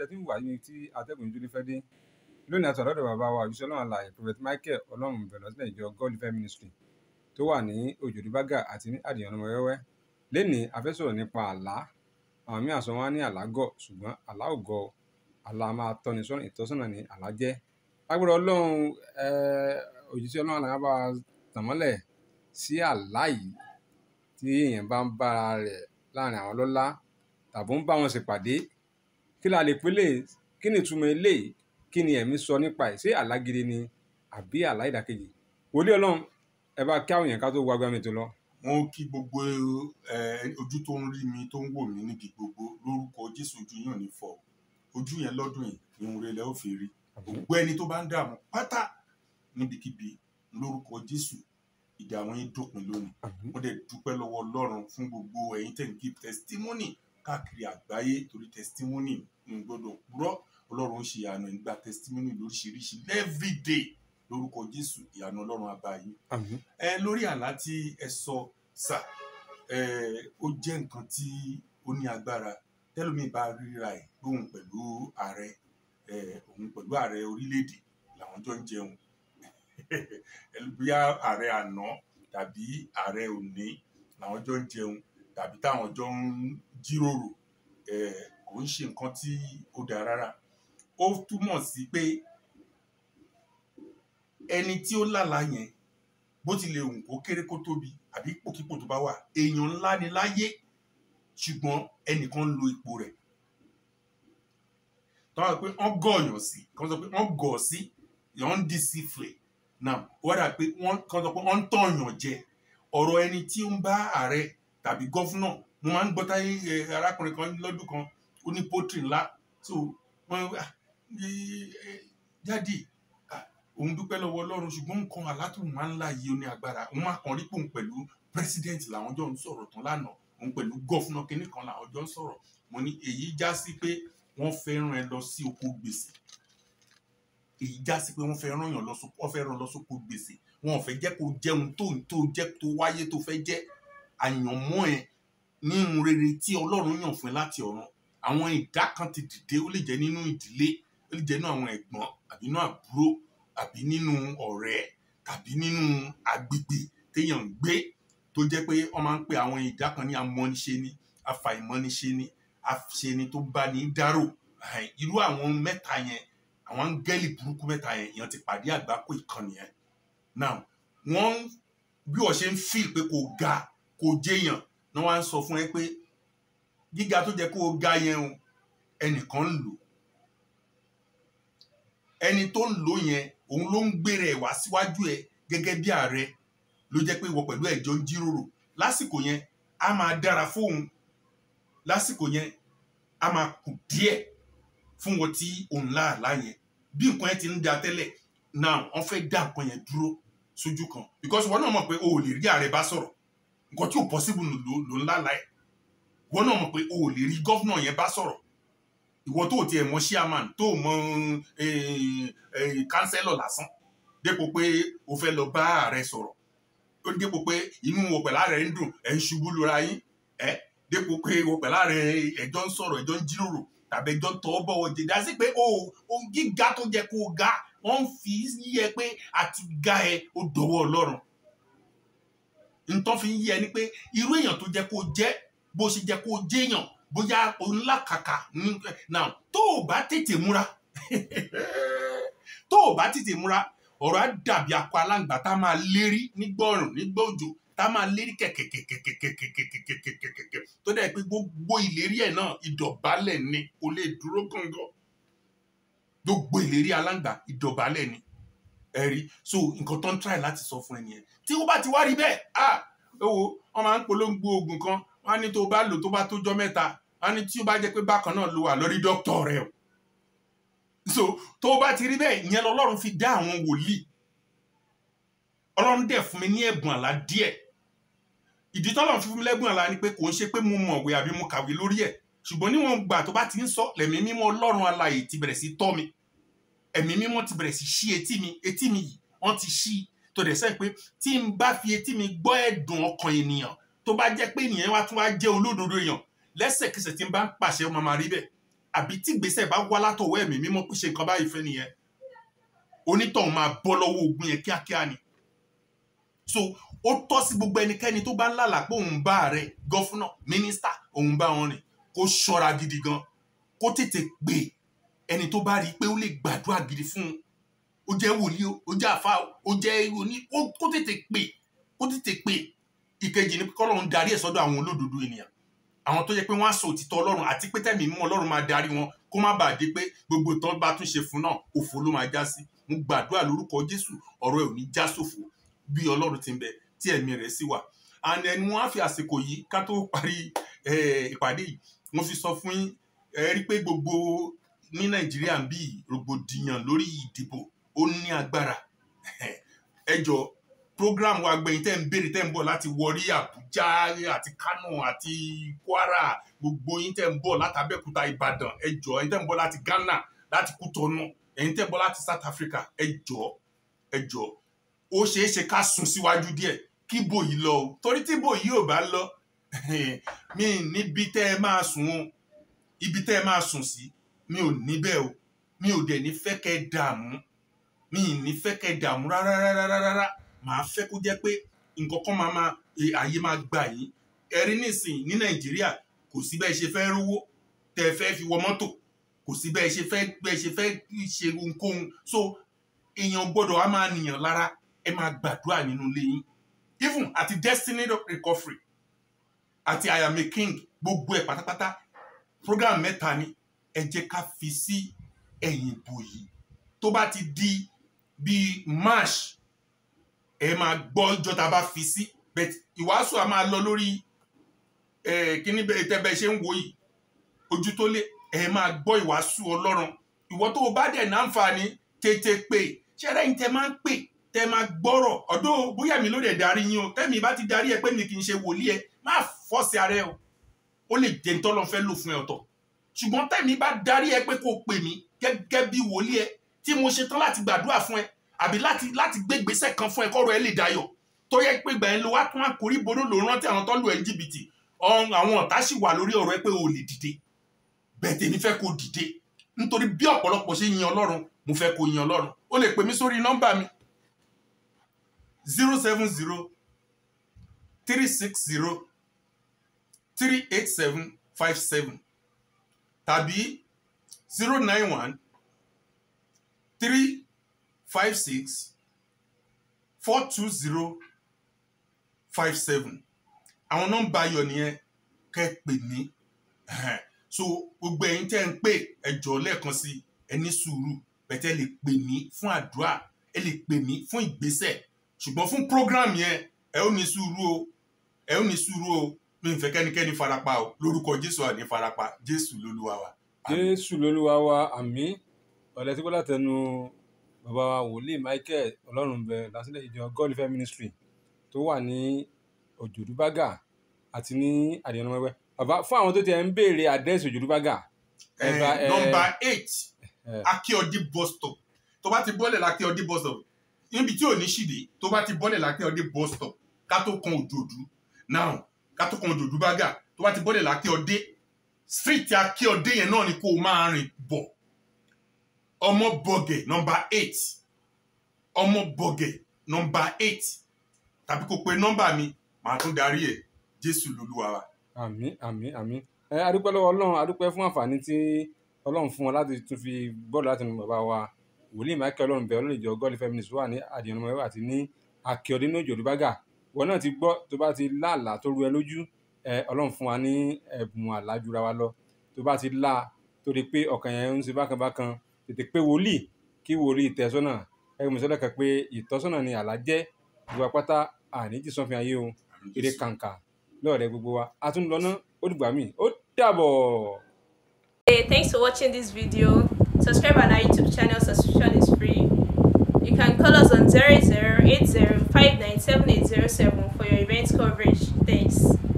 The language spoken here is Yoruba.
ilẹ̀ tí wà níbi tí atẹ́gùn ìjúlé fẹ́ dé lónìí àtọ̀ lọ́dọ̀ bàbá wa òjíṣẹ́ ọlọ́run àlàyé prophet michael ọlọ́run bẹ̀rẹ̀ sílẹ̀ ìjọ god life ministry tó wà ní òjòdì àti ní àdìyàn ọmọ wẹ́wẹ́ lénìí a nípa àlá àwọn míì àsọ wọn ní àlágọ̀ ṣùgbọ́n àlá ò gọ̀ àlá máa tọ́ni sọ́nà ìtọ́sọ́nà ní àlá jẹ́ lágbára ọlọ́run òjíṣẹ́ ọlọ́run àlàyé bá tàmọ́lẹ̀ ń bá wọn ṣèpàdé kí la lè pélé kí ni ìtumọ̀ eléyìí kí ni ẹ̀mí sọ nípa ẹ̀ ṣé àlá ni àbí àlá ìdàkejì wòlíì ọlọ́run ẹ bá kí àwọn èèyàn ká tó wá gbàmí tó lọ. mo kí gbogbo ojú tó ń rí mi tó ń wò mí níbi gbogbo lórúkọ jésù ojú yàn ní fọ́ ojú yẹn lọ́dún yìí ìhun rẹ̀ lẹ́ ò fi rí gbogbo ẹni tó bá ń dààmú pátá níbikíbi lórúkọ jésù ìdààmú yín dópin lónìí mo dẹ̀ dúpẹ́ lọ́wọ́ ọlọ́run fún gbogbo ẹ̀yin tẹ̀ ń give testimony káàkiri àgbáyé torí testimony ń gbọ́dọ̀ purọ́ ọlọ́run ń ṣe ìyanu ìgbà testimony lóríṣiríṣi every day lórúkọ jésù ìyanu ọlọ́run abayé ẹ lórí àlá tí ẹ sọ sà ẹ ó jẹ́ nǹkan tí ó ní agbára tẹ́lómi bá ríra ẹ̀ lóhun pẹ̀lú ààrẹ ẹ òun pẹ̀lú ààrẹ orílẹ̀-èdè làwọn jọ ń jẹun bóyá ààrẹ àná tàbí ààrẹ òní làwọn jọ ń jẹun tàbí táwọn jọ ń jíròrò kò ń ṣe nǹkan tí ó dáa rárá ó túmọ̀ sí pé ẹni tí ó lálàá yẹn bó tilẹ̀ wù kó kéré kó tóbi àbí ipòkípò tó bá wà èèyàn ńlá ni láyé ṣùgbọ́n ẹnìkan ń lo ipò rẹ̀ tọ́wọ́ pé wọ́n gọ̀ọ̀yàn sí kan sọ pé wọ́n gọ̀ọ̀ sí yàn ń disifle náà wọ́n dà pé wọ́n kan sọ pé wọ́n ń tọ̀yàn jẹ ọ̀rọ̀ ẹni tí ń bá ààrẹ tàbí gọ́fúnà mo máa ń gbọ́ táyé arákùnrin kan lọ́dún kan ó ní pọ́tì ńlá so wọ́n jáde òun dúpẹ́ lọ́wọ́ ọlọ́run ṣùgbọ́n nǹkan alátùn máa ń láàyè ó ní agbára òun máa kàn rípò pẹ̀lú president làwọn jọ ń sọ̀rọ̀ tán lánàá òun pẹ̀lú gọ́fúnà kínní kan làwọn jọ ń sọ̀rọ̀ mo ní èyí já sí pé wọ́n fẹ́ rán ẹ lọ sí oko gbèsè èyí já sí pé wọ́n fẹ́ rán yàn lọ sóko gbèsè wọ́n fẹ́ jẹ́ kó jẹun tó ń tó jẹ́ tó wáyé tó fẹ́ jẹ́ àyànmọ́ ẹ ní ohun rere tí ọlọ́run yàn fún ẹ láti ọ̀run àwọn ìdá kan ti dìde ó lè jẹ́ nínú ìdílé ó lè jẹ́ nínú àwọn ẹ̀gbọ́n àbí nínú àbúrò àbí nínú ọ̀rẹ́ tàbí nínú agbègbè téèyàn ń gbé tó jẹ́ pé wọ́n máa ń pe àwọn ìdá kan ní amọ́niṣe ni afàìmọ́niṣe ni àṣeni tó bá ní dárò irú àwọn mẹ́ta yẹn àwọn áńgẹ́lì burúkú mẹ́ta yẹn èèyàn ti pàdé àgbákò ìkànnì yẹn now wọ́n bí wọ́n ṣe ń fíìl pé kò ga kò jẹyàn náà wá ń sọ fún ẹ pé gíga tó jẹ kó o ga yẹn o ẹnìkan ń lò ẹni tó ń lò yẹn òun ló ń gbére ẹ wá síwájú ẹ gẹ́gẹ́ bí ààrẹ ló jẹ pé ìwọ pẹ̀lú ẹjọ ń jíròrò lásìkò yẹn a máa dára fóun lásìkò yẹn a máa kù díẹ̀ fún wọn tí òun láàlá yẹn bí nǹkan yẹn ti ń da tẹ́lẹ̀ now wọn fẹ́ dá nǹkan yẹn dúró sójú kan because wọn náà mọ̀ pé o ò lè rí ààrẹ bá sọ̀rọ̀ nǹkan tí ò possible ló ńlá láì wọn náà mọ̀ pé o ò lè rí gọ́fúnà yẹn bá sọ̀rọ̀ ìwọ tó tiẹ̀ mọ̀ chairman tó mọ̀ kánsẹ́lọ̀ eh, eh, eh, lásán dépò pé o fẹ́ lọ bá ààrẹ sọ̀rọ̀ ó dépò pé inú wọn pẹ̀lú ààrẹ ń dùn ẹ̀ ń ṣubú lura yín ẹ̀ dépò pé wọn pẹ̀lú ààrẹ ẹ̀jọ́ ń sọ̀rọ̀ ẹ̀jọ́ ń jíròrò tàbí ẹ̀jọ́ ń tọ́ bọ̀wọ̀ jẹ̀dá sí pé o ò gíga tó jẹ́ kó o ga wọ́n ń fi yẹ pé àti ga ẹ ó dọwọ́ ọlọ́run ntọ́ fi ń yí ẹ ni pé irú èèyàn tó jẹ́ kó jẹ́ bó ṣe jẹ́ kó jẹ́yàn bóyá onílà kàkà náà tó o bá tètè múra tó o bá tètè múra ọ̀rọ̀ á dàbí akọ aláǹgbá tá a máa lérí nígbọ̀rùn nígbà òjò tá a máa lérí kẹ̀kẹ̀kẹ̀kẹ̀kẹ̀kẹ̀kẹ̀kẹ̀kẹ̀kẹ̀kẹ̀ tó dẹ̀ pé gbogbo ìlérí ẹ̀ náà ìdọ̀bálẹ̀ ni kò lè dúró kàngọ́ gbogbo ìlérí aláǹgbá ìdọ̀bálẹ̀ ni ẹ̀rí so nǹkan tó ń try láti sọ fún ẹni yẹn tí ó bá ti wá rí bẹ́ẹ̀ à ẹ wo wọ́n máa ń polongo oògùn kan wọ́n á ní tó bá lò tó bá tó jọ mẹ́ta wọ́n á ní tí ó bá jẹ́ pé bákan náà ló wà lórí dókítà rẹ o so tó bá ti rí bẹ́ẹ̀ ìyẹn lọ́lọ́run fi dá àwọn wòlíì ọlọ́run dẹ̀ fún mi ní ẹ̀bùn àlá díẹ̀ ìdí tọ́lọ́run fífún mi lẹ́bùn àlá ni pé kò ń ṣe pé mo mọ̀wé àbí mo kàwé lórí ẹ̀ ṣùgbọ́n níwọ̀n gbà tó bá ti ń sọ lẹ̀mí mímọ́ ọlọ́run alààyè ti bẹ̀rẹ̀ sí tọ́ mi ẹ̀mí mímọ́ ti bẹ̀rẹ̀ sí ṣí etí mi etí mi yìí wọ́n ti ṣí tó dẹ̀ sẹ́yìn pé tí n bá fi etí mi gbọ́ ẹ̀dùn ọkàn ènìyàn tó bá jẹ́ pé ènìyàn wa tún wá jẹ́ olódodo èèyàn lẹ́sẹ̀kẹsẹ̀ tí n bá ń pàṣẹ ó máa máa rí bẹ́ẹ̀ àbí tí gbèsè bá wá látọwọ́ ẹ̀mí mímọ́ pé ṣe nǹkan báyìí fẹ́ nìyẹn onítọ̀hún máa bọ́ lọ́wọ́ ogun yẹn kíákíá ni so ó tọ́ sí gbogbo ẹnikẹ́ni tó bá ń lálàá pé òun bá ààrẹ gọ́fúnà mínísítà òun bá wọn rìn kó ṣọ́ra gidi gan kó tètè pè é ẹni tó bá rí i pé ó lè gbàdúrà gidi fún un ó jẹ́ wòlíì ó jẹ́ àfa ó jẹ́ oní ó tètè pè ó tètè pè ìkejì ni kọ́ lọ́run darí ẹ̀ sọ́dọ̀ àwọn olódodo ènìyàn àwọn tó yẹ pé wọ́n á sọ òtítọ́ ọlọ́run àti pé tẹ̀mí mímọ́ ọlọ́run máa darí wọn kó má bàa di pé gbogbo ìtàn bá tún ṣe fún náà òfo ló máa já sí mo gbàdúrà lórúkọ jésù ọ̀rọ̀ ẹ̀ ò ní já sófo bí ọlọ́run ti ń bẹ tí ẹ̀mí rẹ̀ sì wà and ẹni wọn á fi àsìkò yìí ká tó parí eh, ìpàdé yìí mo fi sọ fún yín ẹ rí pé gbogbo ní nàìjíríà ń bí rògbòdìyàn lórí ìdìbò ó ní agbára ẹ program wa gbẹ̀yìn tẹ́ ń béèrè tẹ́ ń bọ̀ láti wọrí àbújá àti kánò àti kwara gbogbo yín tẹ́ ń bọ̀ láti ìbàdàn ẹ jọ ẹ̀yin tẹ́ ń láti ghana láti kútọ́nù ẹ̀yin tẹ́ ń bọ̀ láti south africa ẹ jọ ẹ jọ ó ṣeé ṣe ká sún síwájú díẹ̀ kí bòyí lọ o torí tí bòyí ò bá lọ mi níbi tẹ́ ẹ máa sùn ibi tẹ́ ẹ máa sùn sí. Si mi ò níbẹ̀ o mi ò dẹ̀ ní fẹ́ kẹ́ dààmú mi ì ní fẹ́ kẹ́ dààmú rárá rárá rárá màá fẹ́ kó jẹ́ pé nǹkan kan máa máa àyè e, máa gbà yín ẹ̀rí nìsín ní nàìjíríà kò sí bẹ́ẹ̀ ṣe fẹ́ rówó tẹ́ ẹ fẹ́ fi wọ mọ́tò kò sí bẹ́ẹ̀ ṣe fẹ́ bẹ́ẹ̀ ṣe fẹ́ ṣe ohunkóhun so èèyàn gbọ́dọ̀ á máa nìyàn lára ẹ máa gbàdúrà nínú ilé yín even àti destiny recovery àti i am a king gbogbo ẹ̀ pátápátá program mẹ́ta ni ẹ jẹ́ ká fi sí ẹ̀yìn bò yìí tó bá ti di bíi march ẹ máa gbọ́ ọjọ́ tá a bá fi sí bẹ́ẹ̀ ìwàásù a máa lọ lórí kíní tẹ́bẹ̀ ṣe ń wo yìí ojú tó lé ẹ máa gbọ́ ìwàásù ọlọ́run ìwọ tó o bá dẹ̀ náǹfààní tètè pè ṣẹ́rẹ́ yìí tẹ máa ń pè tẹ máa gbọ́rọ̀ ọ̀dọ́ bóyá mi ló dẹ̀ darí yín o tẹ́mi bá ti darí ẹ pé mi kì í ṣe wòlíì ẹ má fọ́ọ̀sì ara ẹ o ó lè jẹ́ ntọ́lọ́ fẹ́ lò fún ẹ ọ̀tọ̀ ṣùgbọ́n tẹ̀mí bá darí ẹ pé kó o pè mí gẹ́gẹ́ bí wòlíì ẹ tí mo ṣetán láti gbàdúrà fún ẹ àbí láti láti gbé gbèsè kan fún ẹ kọ́rọ̀ ẹ lè dayọ̀ tó yẹ pé gbà yẹn ló wá tún àkórí boró ló rántí àwọn tó lu ẹ jìbìtì àwọn ọ̀tá sì wà lórí ọ̀rọ̀ ẹ pé o lè dìde bẹ́ẹ̀ tèmi fẹ́ kó dìde nítorí bí ọ̀pọ̀lọpọ̀ ṣe yin ọlọ́run mo fẹ́ kó yin ọlọ́run o lè pè mí sórí nọ́mbà mi zero seven zero three six zero three eight seven five seven tàbí zero nine one three five six four two zero five seven àwọn nọ́mbà ayọ̀ nìyẹn kẹ́ pè ní so gbogbo ẹ̀yin tẹ́ ń pè ẹ̀jọ̀ lẹ́ẹ̀kan sí ẹ ní sùúrù bẹ̀tẹ̀ lè pè mí fún àdúrà ẹ lè pè mí fún ìgbésẹ̀ ṣùgbọ́n fún program yẹn ẹ ó ní sùúrù o ẹ ó ní sùúrù o mi ń fẹ́ kẹ́nikẹ́ni farapa o lórúkọ jésù àní farapa jésù lolúwa wa. jésù lolúwa wa àmín ọ̀lẹ́ tí bọ́lá tẹnu bàbá wa wòlíì michael ọlọ́runbẹ lásìlẹ̀ ìjọ god ife ministry tó wà ní òjòdúbágà àti ní àdìyànnàmọ́wẹ́ bàbá fún àwọn tó ti ẹ̀ ń béèrè àdẹ́sì òjòdúbágà. Eh, nọ́mbà eight eh, eh. akíọdí bus stop tó bá ti bọ́lẹ̀ lákíọdí bus stop níbi tí ò ní ṣìdí tó bá ti bọ́lẹ̀ lákíọdí bus stop ká tó kan òjòdú now látọkàn òjòjú bá gà tó bá ti bọ́dẹ̀ lákè ọdẹ síríìtì akè ọdẹ yẹn náà ni kó o máa rìn bọ̀ ọmọ bọ̀gẹ̀ nọmba eight ọmọ bọ̀gẹ̀ nọmba eight tàbí kó pe nọmba mi màá tún darí ẹ̀ jésù lolúwa wa. àmín àmín àmín ẹ adúpẹ́ lọ́wọ́ ọlọ́run adúpẹ́ fún àǹfààní tí ọlọ́run fún wọn láti tún fi bọ́ọ̀lù láti nu bàbá wa wòlíì michael ọlọ́run bẹ̀rẹ̀ lórí ìjọ gọ́ọ̀lì feminist wà ní àdìyàn ọmọ ẹ̀wà àti ní akíọ̀dé ní òjò olùbágà ìwọ náà ti gbọ́ tó bá ti láàlá tó ru ẹ lójú ẹ ọlọ́run fún wa ní ẹ̀bùn àlájura wa lọ tó bá ti lá tó rí pé ọkàn yẹn ń ṣe bákan bákan tètè pé wòlíì kí wòlíì tẹ̀sọ́nà ẹgbẹ́ mọ̀sọ́lá kan pé ìtọ́sọ́nà ni àlá jẹ́ gbogbo apáta àníjì sọ́fin ayé o eré kàǹkà lọ́ọ̀rẹ́ gbogbo wa a tún lọ ná ó dìgbà míì ó dàbọ̀. Hey, thanks for watching this video. Subscribe on our YouTube channel. Subscription is free. You can call us on zero zero eight zero. 597807 for your event coverage. Thanks.